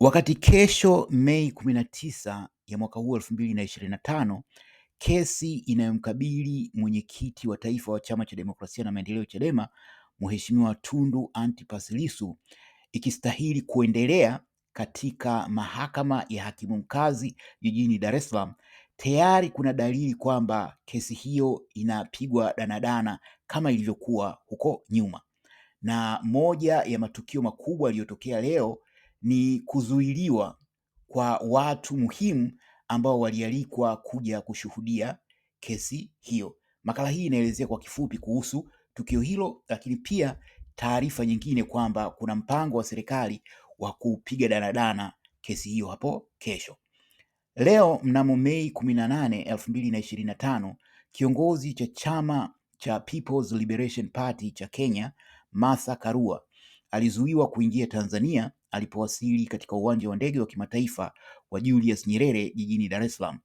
Wakati kesho Mei 19 ya mwaka huu 2025 kesi inayomkabili mwenyekiti wa taifa wa Chama cha Demokrasia na Maendeleo Chadema, Mheshimiwa Tundu Antipas Lissu ikistahili kuendelea katika mahakama ya hakimu mkazi jijini Dar es Salaam, tayari kuna dalili kwamba kesi hiyo inapigwa danadana kama ilivyokuwa huko nyuma, na moja ya matukio makubwa yaliyotokea leo ni kuzuiliwa kwa watu muhimu ambao walialikwa kuja kushuhudia kesi hiyo. Makala hii inaelezea kwa kifupi kuhusu tukio hilo, lakini pia taarifa nyingine kwamba kuna mpango wa serikali wa kupiga danadana kesi hiyo hapo kesho. Leo mnamo Mei kumi na nane elfu mbili na na tano kiongozi cha chama cha People's Liberation Party cha Kenya Martha Karua alizuiwa kuingia Tanzania alipowasili katika uwanja wa ndege wa kimataifa wa Julius Nyerere jijini Dar es Salaam.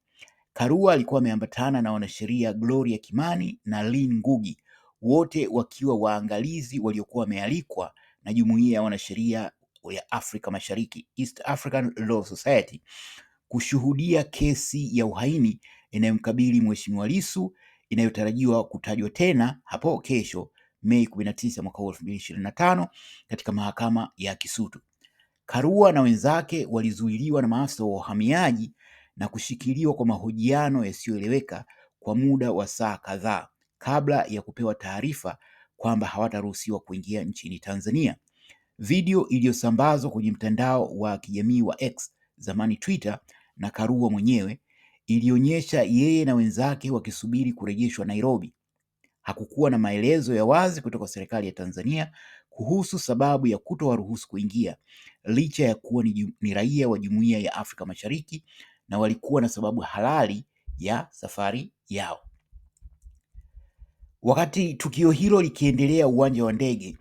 Karua alikuwa ameambatana na wanasheria Gloria Kimani na Lynn Ngugi, wote wakiwa waangalizi waliokuwa wamealikwa na jumuiya ya wanasheria ya Afrika Mashariki, East African Law Society, kushuhudia kesi ya uhaini inayomkabili Mheshimiwa Lissu inayotarajiwa kutajwa tena hapo kesho Mei 19 mwaka 2025 katika mahakama ya Kisutu. Karua na wenzake walizuiliwa na maafisa wa uhamiaji na kushikiliwa kwa mahojiano yasiyoeleweka kwa muda wa saa kadhaa kabla ya kupewa taarifa kwamba hawataruhusiwa kuingia nchini Tanzania. Video iliyosambazwa kwenye mtandao wa kijamii wa X, zamani Twitter, na Karua mwenyewe ilionyesha yeye na wenzake wakisubiri kurejeshwa Nairobi. Hakukuwa na maelezo ya wazi kutoka serikali ya Tanzania kuhusu sababu ya kutowaruhusu kuingia licha ya kuwa ni, ni raia wa Jumuiya ya Afrika Mashariki na walikuwa na sababu halali ya safari yao. Wakati tukio hilo likiendelea uwanja wa ndege,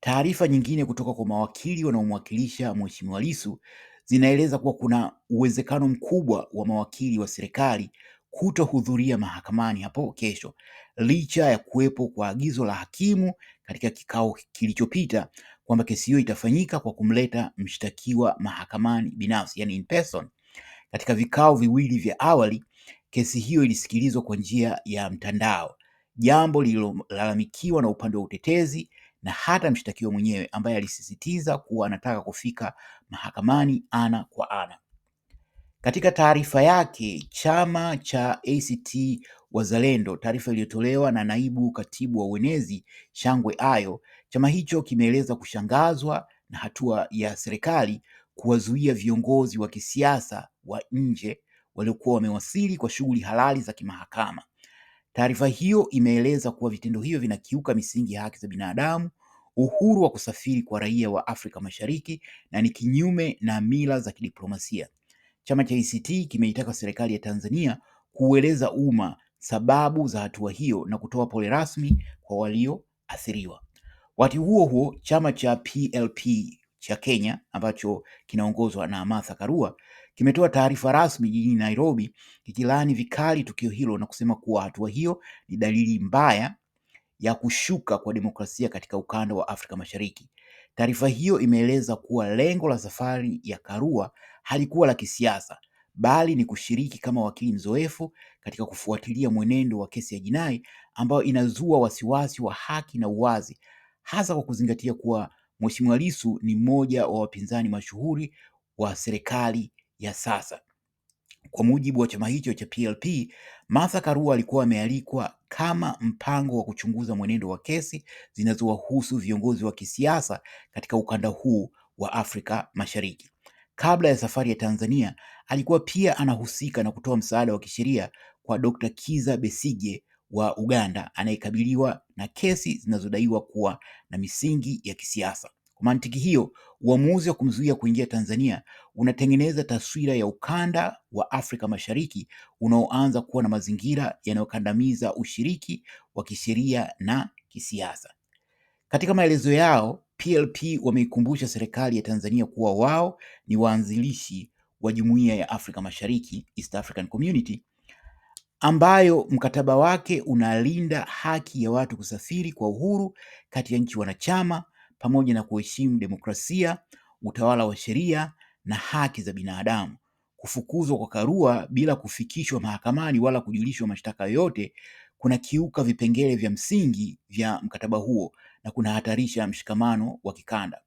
taarifa nyingine kutoka kwa mawakili wanaomwakilisha Mheshimiwa Lissu zinaeleza kuwa kuna uwezekano mkubwa wa mawakili wa serikali kutohudhuria mahakamani hapo kesho licha ya kuwepo kwa agizo la hakimu katika kikao kilichopita kwamba kesi hiyo itafanyika kwa kumleta mshtakiwa mahakamani binafsi, yani in person. Katika vikao viwili vya awali, kesi hiyo ilisikilizwa kwa njia ya mtandao, jambo lililolalamikiwa na upande wa utetezi na hata mshtakiwa mwenyewe ambaye alisisitiza kuwa anataka kufika mahakamani ana kwa ana. Katika taarifa yake, chama cha ACT Wazalendo. Taarifa iliyotolewa na naibu katibu wa uenezi Shangwe Ayo, chama hicho kimeeleza kushangazwa na hatua ya serikali kuwazuia viongozi wa kisiasa wa nje waliokuwa wamewasili kwa shughuli halali za kimahakama. Taarifa hiyo imeeleza kuwa vitendo hivyo vinakiuka misingi ya haki za binadamu, uhuru wa kusafiri kwa raia wa Afrika Mashariki na ni kinyume na mila za kidiplomasia. Chama cha ACT kimeitaka serikali ya Tanzania kuueleza umma sababu za hatua hiyo na kutoa pole rasmi kwa walioathiriwa. Wakati huo huo, chama cha PLP cha Kenya ambacho kinaongozwa na Martha Karua kimetoa taarifa rasmi jijini Nairobi kikilaani vikali tukio hilo na kusema kuwa hatua hiyo ni dalili mbaya ya kushuka kwa demokrasia katika ukanda wa Afrika Mashariki. Taarifa hiyo imeeleza kuwa lengo la safari ya Karua halikuwa la kisiasa bali ni kushiriki kama wakili mzoefu katika kufuatilia mwenendo wa kesi ya jinai ambayo inazua wasiwasi wa haki na uwazi, hasa kwa kuzingatia kuwa Mheshimiwa Lissu ni mmoja wa wapinzani mashuhuri wa serikali ya sasa. Kwa mujibu wa chama hicho cha PLP, Martha Karua alikuwa amealikwa kama mpango wa kuchunguza mwenendo wa kesi zinazowahusu viongozi wa kisiasa katika ukanda huu wa Afrika Mashariki. Kabla ya safari ya Tanzania, Alikuwa pia anahusika na kutoa msaada wa kisheria kwa Dr. Kiza Besige wa Uganda anayekabiliwa na kesi zinazodaiwa kuwa na misingi ya kisiasa. Kwa mantiki hiyo, uamuzi wa kumzuia kuingia Tanzania unatengeneza taswira ya ukanda wa Afrika Mashariki unaoanza kuwa na mazingira yanayokandamiza ushiriki wa kisheria na kisiasa. Katika maelezo yao, PLP wameikumbusha serikali ya Tanzania kuwa wao ni waanzilishi wa Jumuiya ya Afrika Mashariki, East African Community, ambayo mkataba wake unalinda haki ya watu kusafiri kwa uhuru kati ya nchi wanachama pamoja na kuheshimu demokrasia, utawala wa sheria na haki za binadamu. Kufukuzwa kwa Karua bila kufikishwa mahakamani wala kujulishwa mashtaka yoyote kuna kiuka vipengele vya msingi vya mkataba huo na kunahatarisha mshikamano wa kikanda.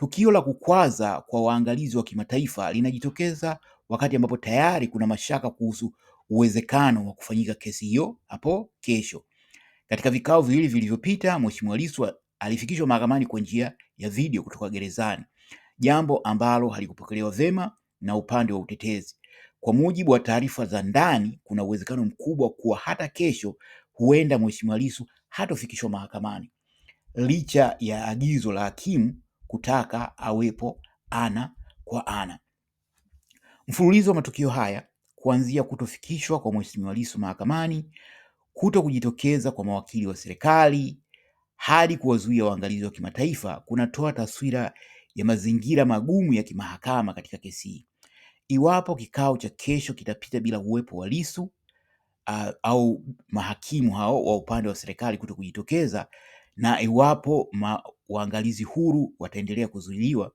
Tukio la kukwaza kwa waangalizi wa kimataifa linajitokeza wakati ambapo tayari kuna mashaka kuhusu uwezekano wa kufanyika kesi hiyo hapo kesho. Katika vikao viwili vilivyopita, Mheshimiwa Lissu alifikishwa mahakamani kwa njia ya video kutoka gerezani, jambo ambalo halikupokelewa vyema na upande wa utetezi. Kwa mujibu wa taarifa za ndani, kuna uwezekano mkubwa kuwa hata kesho huenda Mheshimiwa Lissu hatofikishwa mahakamani licha ya agizo la hakimu kutaka awepo ana kwa ana. Mfululizo wa matukio haya kuanzia kutofikishwa kwa Mheshimiwa Lissu mahakamani, kuto kujitokeza kwa mawakili wa serikali hadi kuwazuia waangalizi wa kimataifa kunatoa taswira ya mazingira magumu ya kimahakama katika kesi hii. Iwapo kikao cha kesho kitapita bila uwepo wa Lissu uh, au mahakimu hao wa upande wa serikali kuto kujitokeza na iwapo ma, waangalizi huru wataendelea kuzuiliwa,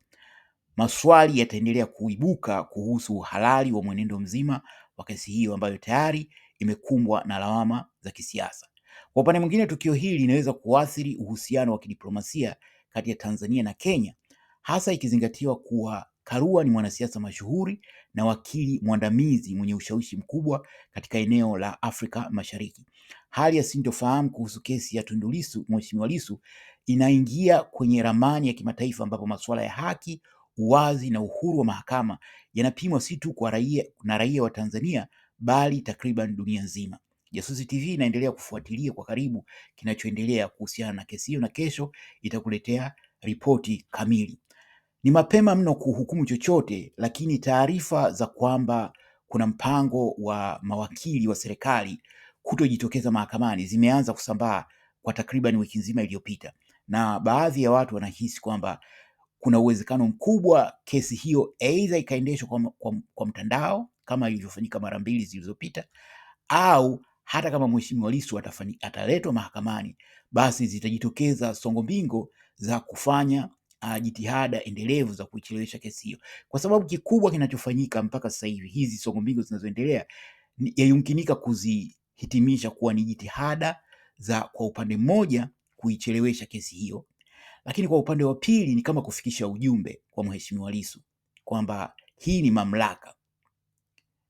maswali yataendelea kuibuka kuhusu uhalali wa mwenendo mzima wa kesi hiyo ambayo tayari imekumbwa na lawama za kisiasa. Kwa upande mwingine, tukio hili linaweza kuathiri uhusiano wa kidiplomasia kati ya Tanzania na Kenya, hasa ikizingatiwa kuwa Karua ni mwanasiasa mashuhuri na wakili mwandamizi mwenye ushawishi mkubwa katika eneo la Afrika Mashariki. Hali ya sintofahamu kuhusu kesi ya Tundu Lissu, Mheshimiwa Lissu inaingia kwenye ramani ya kimataifa ambapo masuala ya haki, uwazi na uhuru wa mahakama yanapimwa si tu kwa raia na raia wa Tanzania bali takriban dunia nzima. Jasusi TV inaendelea kufuatilia kwa karibu kinachoendelea kuhusiana na kesi hiyo, na kesho itakuletea ripoti kamili. Ni mapema mno kuhukumu chochote, lakini taarifa za kwamba kuna mpango wa mawakili wa serikali kutojitokeza mahakamani zimeanza kusambaa kwa takriban wiki nzima iliyopita na baadhi ya watu wanahisi kwamba kuna uwezekano mkubwa kesi hiyo aidha ikaendeshwa kwa, kwa, kwa mtandao kama ilivyofanyika mara mbili zilizopita, au hata kama Mheshimiwa Lissu ataletwa mahakamani, basi zitajitokeza songo mbingo za kufanya uh, jitihada endelevu za kuichelewesha kesi hiyo, kwa sababu kikubwa kinachofanyika mpaka sasa hivi, hizi songo mbingo zinazoendelea yayumkinika kuzihitimisha kuwa ni jitihada za kwa upande mmoja kuichelewesha kesi hiyo, lakini kwa upande wa pili ni kama kufikisha ujumbe kwa mheshimiwa Lissu kwamba hii ni mamlaka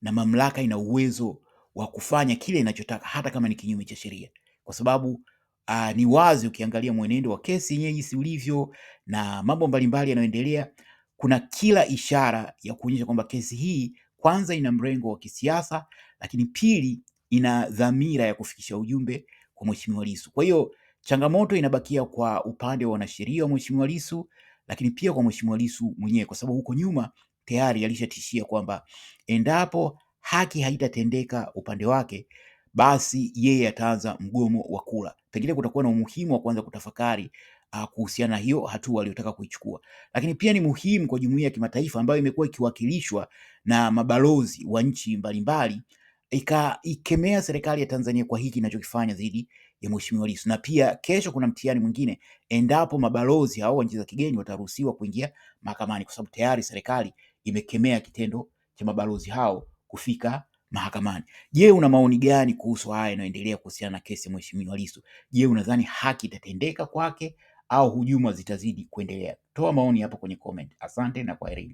na mamlaka ina uwezo wa kufanya kile inachotaka hata kama ni kinyume cha sheria, kwa sababu uh, ni wazi ukiangalia mwenendo wa kesi yenyewe jinsi ulivyo na mambo mbalimbali yanayoendelea, kuna kila ishara ya kuonyesha kwamba kesi hii kwanza ina mrengo wa kisiasa, lakini pili ina dhamira ya kufikisha ujumbe kwa mheshimiwa Lissu. Kwa hiyo Changamoto inabakia kwa upande wa wanasheria wa Mheshimiwa Lissu, lakini pia kwa Mheshimiwa Lissu mwenyewe, kwa sababu huko nyuma tayari alishatishia kwamba endapo haki haitatendeka upande wake, basi yeye ataanza mgomo wa kula. Pengine kutakuwa na umuhimu wa kuanza kutafakari ah, kuhusiana na hiyo hatua aliyotaka kuichukua, lakini pia ni muhimu kwa jumuiya ya kimataifa ambayo imekuwa ikiwakilishwa na mabalozi wa nchi mbalimbali ikaikemea serikali ya Tanzania kwa hiki inachokifanya dhidi ya Mheshimiwa Lissu. Na pia kesho kuna mtihani mwingine endapo mabalozi hao wa nchi za kigeni wataruhusiwa kuingia mahakamani, kwa sababu tayari serikali imekemea kitendo cha mabalozi hao kufika mahakamani. Je, una maoni gani kuhusu haya yanayoendelea kuhusiana na kesi ya Mheshimiwa Lissu? Je, unadhani haki itatendeka kwake au hujuma zitazidi kuendelea? Toa maoni hapo kwenye comment. Asante na kwaheri.